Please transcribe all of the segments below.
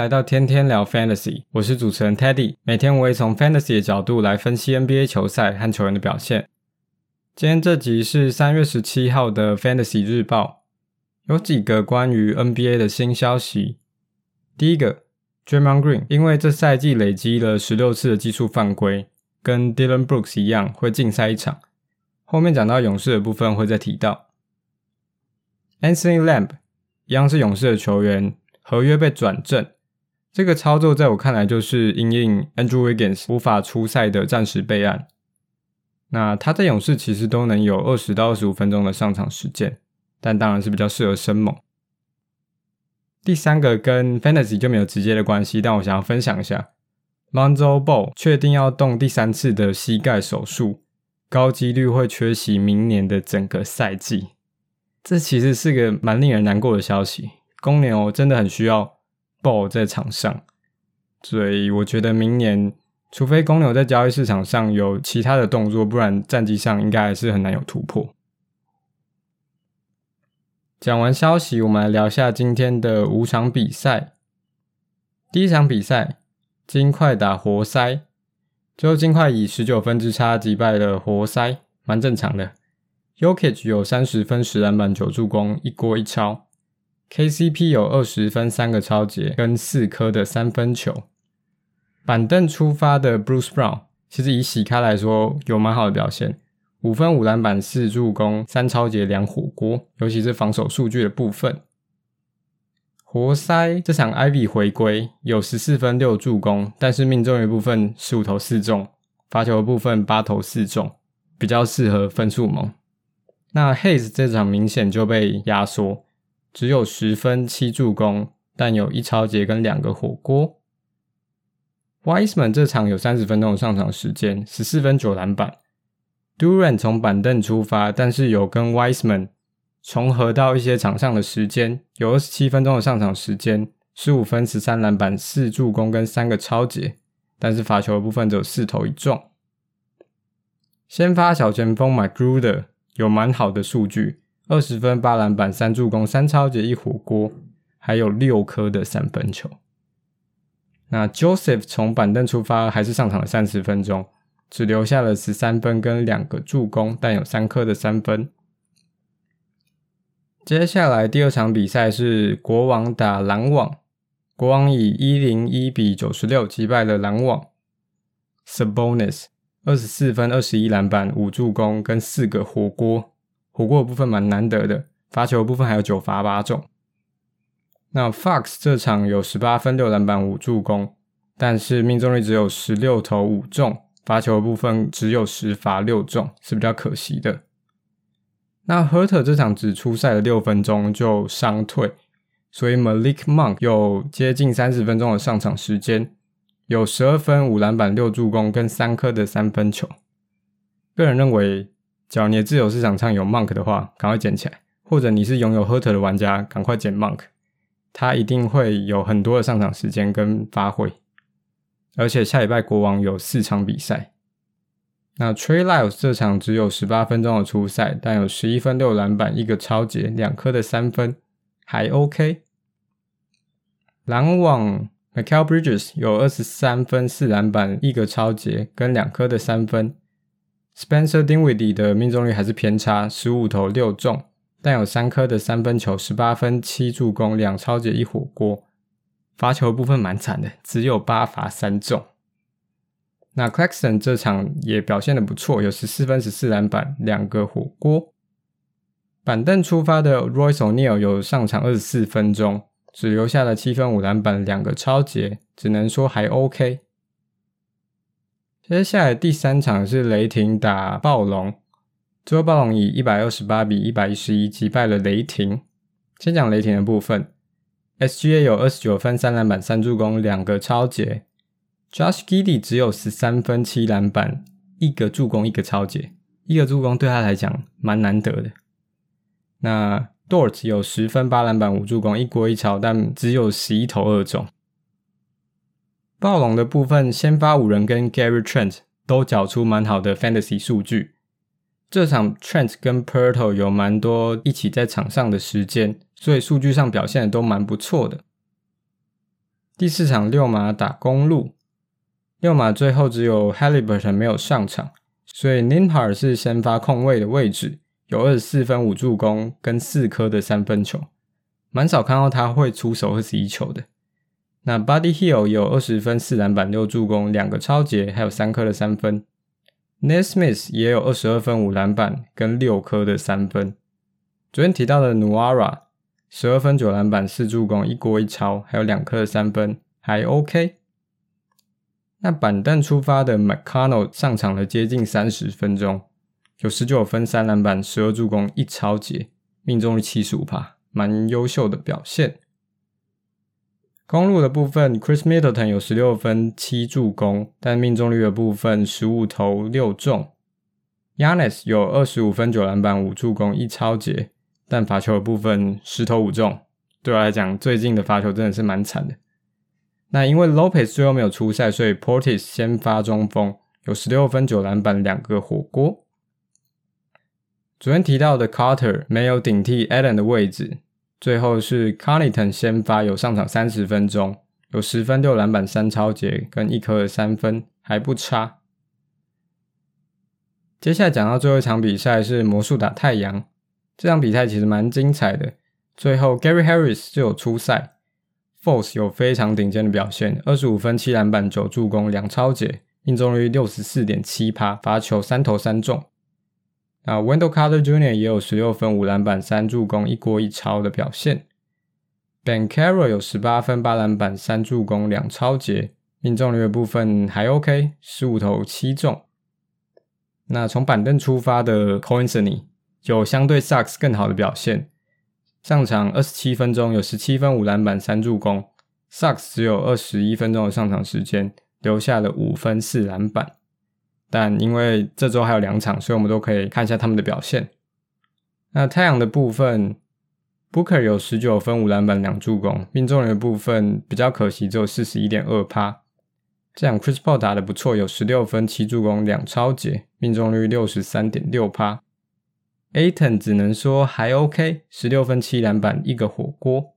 來到天天聊 Fantasy，我是主持人 Teddy。每天我會從 Fantasy 的角度來分析 NBA 球賽和球員的表現。今天這集是三月十七號的 Fantasy 日報，有幾個關於 NBA 的新消息。第一個，Draymond Green 因為這賽季累積了十六次的技術犯規，跟 Dylan Brooks 一樣會禁賽一場。後面講到勇士的部分會再提到 Anthony Lamb，一樣是勇士的球員，合約被轉正。這個操作在我看來就是因應 Andrew Wiggins 無法出賽的暫時備案。那他在勇士其實都能有二十到二十五分鐘的上場時間，但當然是比較適合生猛。第三個跟 Fantasy 就沒有直接的關係，但我想要分享一下，Lonzo Ball 確定要動第三次的膝蓋手術，高幾率會缺席明年的整個賽季。這其實是個蠻令人難過的消息，公牛真的很需要。Ball 在場上，所以我覺得明年除非公牛在交易市場上有其他的動作，不然戰績上應該還是很難有突破。講完消息，我們來聊一下今天的五場比賽。第一場比賽，金塊打活塞，最後金塊以十九分之差擊敗了活塞，蠻正常的。Jokic 有三十分、十籃板、九助攻，一鍋一抄。KCP 有二十分，三個抄截跟四顆的三分球。板凳出發的 Bruce Brown，其實以洗開來說有蠻好的表現，五分五籃板四助攻三抄截兩火鍋，尤其是防守數據的部分。活塞這場 Ivy 回歸有十四分六助攻，但是命中的部分十五投四中，罰球的部分八投四中，比較適合分數盟。那 Hayes 這場明顯就被壓縮。只有十分七助攻，但有一抄截跟兩個火鍋。Wiseman 這場有三十分鐘的上場時間，十四分九籃板。Duren 從板凳出發，但是有跟 Wiseman 重合到一些場上的時間，有二十七分鐘的上場時間，十五分十三籃板四助攻跟三個抄截。但是罰球的部分只有四投一中。先發小前鋒 McGruder 有蠻好的數據。二十分、八籃板、三助攻、三抄截、一火鍋，還有六顆的三分球。那 Joseph 從板凳出發，還是上場了三十分鐘，只留下了十三分跟兩個助攻，但有三顆的三分。接下來第二場比賽是國王打籃網，國王以一零一比九十六擊敗了籃網。Sabonis 二十四分、二十一籃板、五助攻跟四個火鍋。不過部分蠻難得的，罰球部分還有九罰八中。那 Fox 這場有十八分、六籃板、五助攻，但是命中率只有十六投五中，罰球的部分只有十罰六中，是比較可惜的。那 Huerter 這場只出賽了六分鐘就傷退，所以 Malik Monk 有接近三十分鐘的上場時間，有十二分、五籃板、六助攻跟三顆的三分球。個人認為。只要你的自由市場上有 Monk 的話，趕快撿起來；或者你是擁有 Huerter 的玩家，趕快撿 Monk，他一定會有很多的上場時間跟發揮。而且下禮拜國王有四場比賽，那 Trey Lyles 這場只有十八分鐘的出賽，但有十一分、六籃板、一個抄截、兩顆的三分，還 OK。籃網 Mikal Bridges 有二十三分、四籃板、一個抄截跟兩顆的三分。Spencer Dinwiddie 的命中率還是偏差，十五投六中，但有三顆的三分球，十八分七助攻，兩抄截一火鍋。罰球部分蠻慘的，只有八罰三中。那 Claxton 這場也表現的不錯，有十四分十四籃板兩個火鍋。板凳出發的 Royce O'Neal 有上場二十四分鐘，只留下了七分五籃板兩個抄截，只能說還 OK。接下來第三場是雷霆打暴龍，最後暴龍以一百二十八比一百一十一擊敗了雷霆。先講雷霆的部分，SGA 有二十九分、三籃板、三助攻、兩個抄截，Josh Giddey 只有十三分、七籃板、一個助攻、一個抄截，一個助攻對他來講蠻難得的。那 Dort 有十分、八籃板、五助攻、一鍋一抄，但只有十一投二中。暴龍的部分，先發五人跟 Gary Trent 都繳出蠻好的 Fantasy 數據。這場 Trent 跟 Poeltl 有蠻多一起在場上的時間，所以數據上表現的都蠻不錯的。第四場溜馬打公鹿，溜馬最後只有 Haliburton 沒有上場，所以 Nembhard 是先發控衛的位置，有二十四分五助攻跟四顆的三分球，蠻少看到他會出手二十一球的。那 Buddy Hill 也有二十分、四籃板、六助攻、兩個抄截，還有三顆的三分。Nesmith 也有二十二分、五籃板跟六顆的三分。昨天提到的 Nuara 十二分、九籃板、四助攻、一鍋一抄，還有兩顆的三分，還 OK。那板凳出發的 McConnell 上場了接近三十分鐘，有十九分、三籃板、十二助攻、一抄截，命中率七十五趴，蠻優秀的表現。公鹿的部分，Chris Middleton 有十六分七助攻，但命中率的部分十五投六中。Giannis 有二十五分九籃板五助攻一抄截，但罰球的部分十投五中。對我來講，最近的罰球真的是蠻慘的。那因為 Lopez 最後沒有出賽，所以 Portis 先發中鋒有十六分九籃板兩個火鍋。昨天提到的 Carter 沒有頂替 Allen 的位置。最後是 Conleyton 先發，有上場三十分鐘，有十分六籃板三抄截跟一顆三分，還不差。接下來講到最後一場比賽是魔術打太陽，這場比賽其實蠻精彩的。最後 Gary Harris 就有出賽，Force 有非常頂尖的表現，二十五分七籃板九助攻兩抄截，命中率六十四點七趴，罰球三投三中。啊 Wendell Carter Jr. 也有十六分五籃板三助攻一鍋一抄的表現，Banchero 有十八分八籃板三助攻兩抄截，命中率的部分還 OK，十五投七中。那從板凳出發的 Cole Anthony 有相對 Suggs 更好的表現，上場二十七分鐘有十七分五籃板三助攻，Suggs 只有二十一分鐘的上場時間，留下了五分四籃板。但因為這周還有兩場，所以我們都可以看一下他們的表現。那太陽的部分，Booker 有十九分五籃板兩助攻，命中率的部分比較可惜，只有四十一點二趴。這樣，Chris Paul 打得不錯，有十六分七助攻兩抄截，命中率六十三點六趴。Ayton 只能說還 OK，十六分七籃板一個火鍋。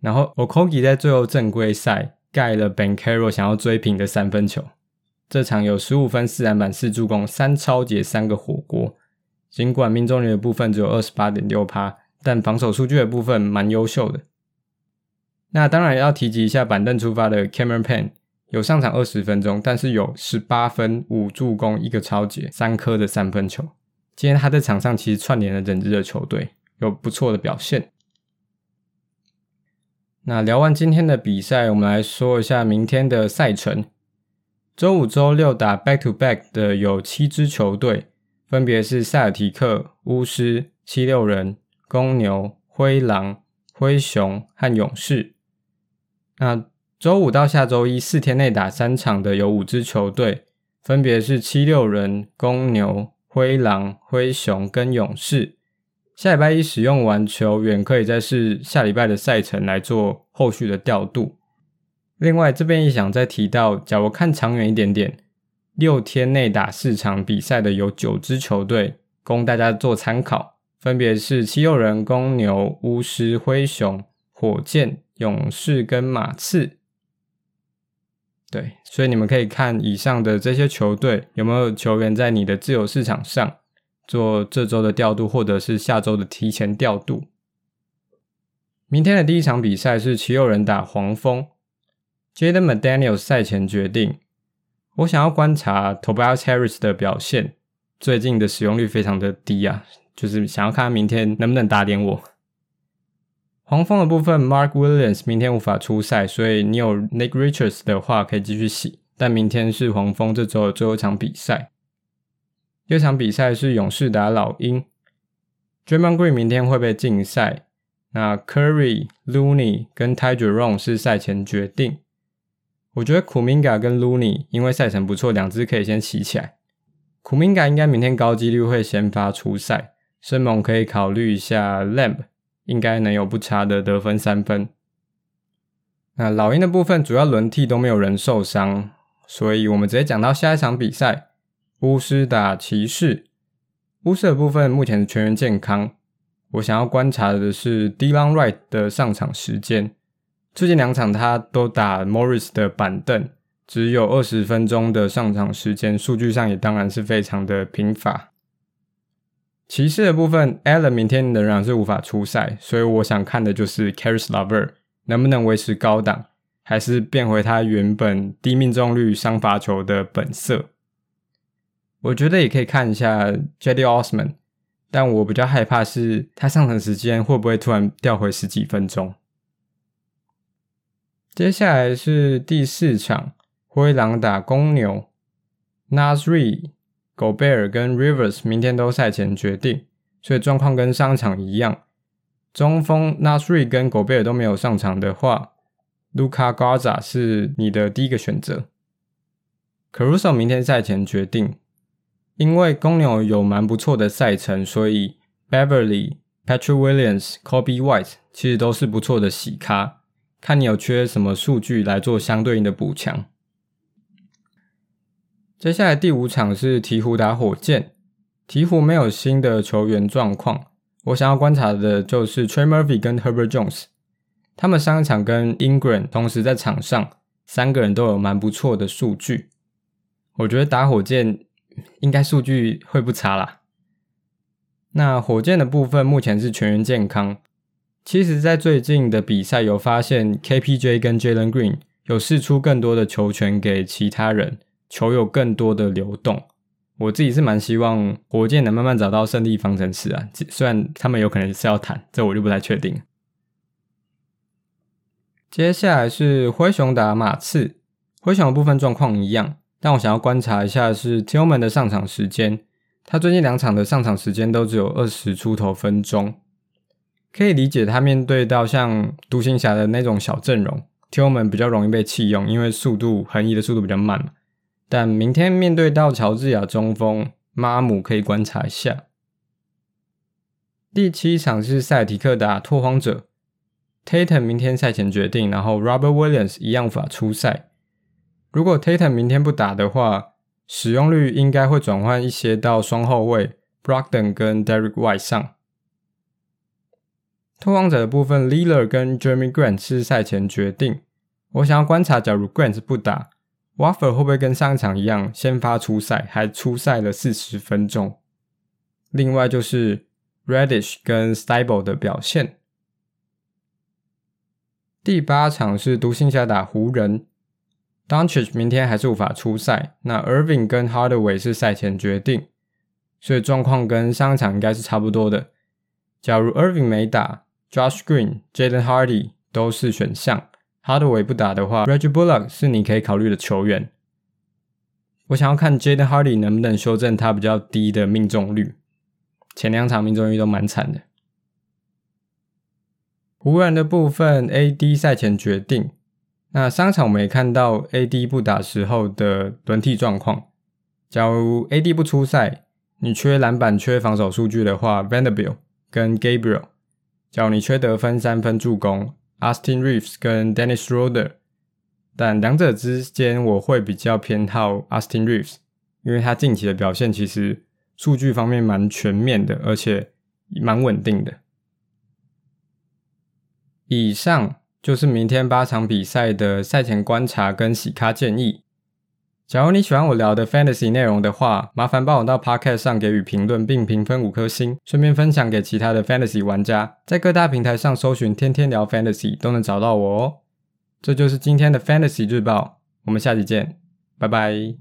然後 Okogie 在最後正規賽蓋了 Banchero 想要追平的三分球。這場有十五分、四籃板、四助攻、三抄截、三個火鍋。儘管命中率的部分只有二十八點六趴，但防守數據的部分蠻優秀的。那當然要提及一下板凳出發的 Cameron Payne，有上場二十分鐘，但是有十八分、五助攻、一個抄截、三顆的三分球。今天他在場上其實串聯了整支的球隊，有不錯的表現。那聊完今天的比賽，我們來說一下明天的賽程。週五、週六打 back to back 的有七支球隊，分別是塞爾提克、巫師、七六人、公牛、灰狼、灰熊和勇士。那週五到下週一四天內打三場的有五支球隊，分別是七六人、公牛、灰狼、灰熊跟勇士。下禮拜一使用完球員，可以再視下禮拜的賽程來做後續的調度。另外，這邊也想再提到，假如，看長遠一點點，六天內打四場比賽的有九支球隊，供大家做參考，分別是七六人、公牛、巫師、灰熊、火箭、勇士跟馬刺。對，所以你們可以看以上的這些球隊有沒有球員在你的自由市場上做這週的調度，或者是下周的提前調度。明天的第一場比賽是七六人打黃蜂。Jaden McDaniels 賽前決定，我想要觀察 Tobias Harris 的表現，最近的使用率非常的低啊，就是想要看他明天能不能打點我。黃蜂的部分，Mark Williams 明天無法出賽，所以你有 Nick Richards 的話可以繼續洗。但明天是黃蜂這周的最後一場比賽，這場比賽是勇士打老鷹 Draymond Green 明天會被禁賽，那 Curry、Looney 跟 Ty Jerome 是賽前決定。我覺得 Kuminga 跟 Luni，因為賽程不錯，兩隻可以先騎起來。Kuminga 應該明天高幾率會先發出賽，森蒙可以考慮一下。Lamb 應該能有不差的得分三分。那老鷹的部分，主要輪替都沒有人受傷，所以我們直接講到下一場比賽：巫師打騎士。巫師的部分目前是全員健康，我想要觀察的是 Delon Wright 的上場時間。最近兩場他都打 Morris 的板凳，只有二十分鐘的上場時間，數據上也當然是非常的貧乏。騎士的部分，Allen 明天仍然是無法出賽，所以我想看的就是 Caris LeVert 能不能維持高檔，還是變回他原本低命中率、傷罰球的本色。我覺得也可以看一下 Cedi Osman，但我比較害怕是他上場時間會不會突然掉回十幾分鐘。接下來是第四場，灰狼打公牛，Nasri、Gobert 跟 Rivers 明天都賽前決定，所以狀況跟上場一樣。中鋒 Nasri 跟 Gobert 都沒有上場的話，Luka Garza 是你的第一個選擇。Caruso 明天賽前決定，因為公牛有蠻不錯的賽程，所以 Beverly、Patrick Williams、Kobe、Coby White 其實都是不錯的洗咖。看你有缺什麼數據來做相對應的補強。接下來第五場是鵜鶘打火箭，鵜鶘沒有新的球員狀況，我想要觀察的就是 Trey Murphy 跟 Herbert Jones，他們上一場跟 Ingram 同時在場上，三個人都有蠻不錯的數據，我覺得打火箭應該數據會不差啦。那火箭的部分目前是全員健康。其實，在最近的比賽有發現，KPJ 跟 Jalen Green 有釋出更多的球權給其他人，球有更多的流動。我自己是蠻希望火箭能慢慢找到勝利方程式啊，雖然他們有可能是要談，這我就不太確定。接下來是灰熊打馬刺，灰熊的部分狀況一樣，但我想要觀察一下的是 Tillman 的上場時間，他最近兩場的上場時間都只有二十出頭分鐘。可以理解，他面對到像獨行俠的那種小陣容，Tillman 比較容易被棄用，因為速度橫移的速度比較慢，但明天面對到喬治亞中鋒，媽姆，可以觀察一下。第七場是塞爾提克打拓荒者，Tatum 明天賽前決定，然後 Robert Williams 一樣法出賽。如果 Tatum 明天不打的話，使用率應該會轉換一些到雙後衛 Brogdon 跟 Derrick White 上。拓荒者的部分，Lillard 跟 Jeremy Grant 是賽前決定。我想要觀察，假如 Grant 不打，Waffle 會不會跟上一場一樣先發出賽，還出賽了四十分鐘。另外就是 Reddish 跟 Stable 的表現。第八場是獨行俠打湖人，Doncic 明天還是無法出賽。那 Irving 跟 Hardaway 是賽前決定，所以狀況跟上一場應該是差不多的。假如 Irving 沒打，Josh Green、Jaden Hardy 都是選項，Hardaway 不打的話，Reggie Bullock 是你可以考慮的球員。我想要看 Jaden Hardy 能不能修正他比較低的命中率，前兩場命中率都蠻慘的。湖人的部分 AD 賽前決定，那商場我們也看到 AD 不打時候的輪替狀況。假如 AD 不出賽，你缺籃板、缺防守數據的話，Vanderbilt 跟 Gabriel。叫你缺得分、三分、助攻，Austin Reeves 跟 Dennis Schroeder，但兩者之間我會比較偏好 Austin Reeves，因為他近期的表現其實數據方面蠻全面的，而且蠻穩定的。以上就是明天八場比賽的賽前觀察跟洗咖建議。假如你喜歡我聊的 fantasy 內容的話，麻煩幫我到 podcast 上給予評論並評分五顆星，順便分享給其他的 fantasy 玩家。在各大平台上搜尋“天天聊 fantasy” 都能找到我哦。這就是今天的 fantasy 日報，我們下期見，拜拜。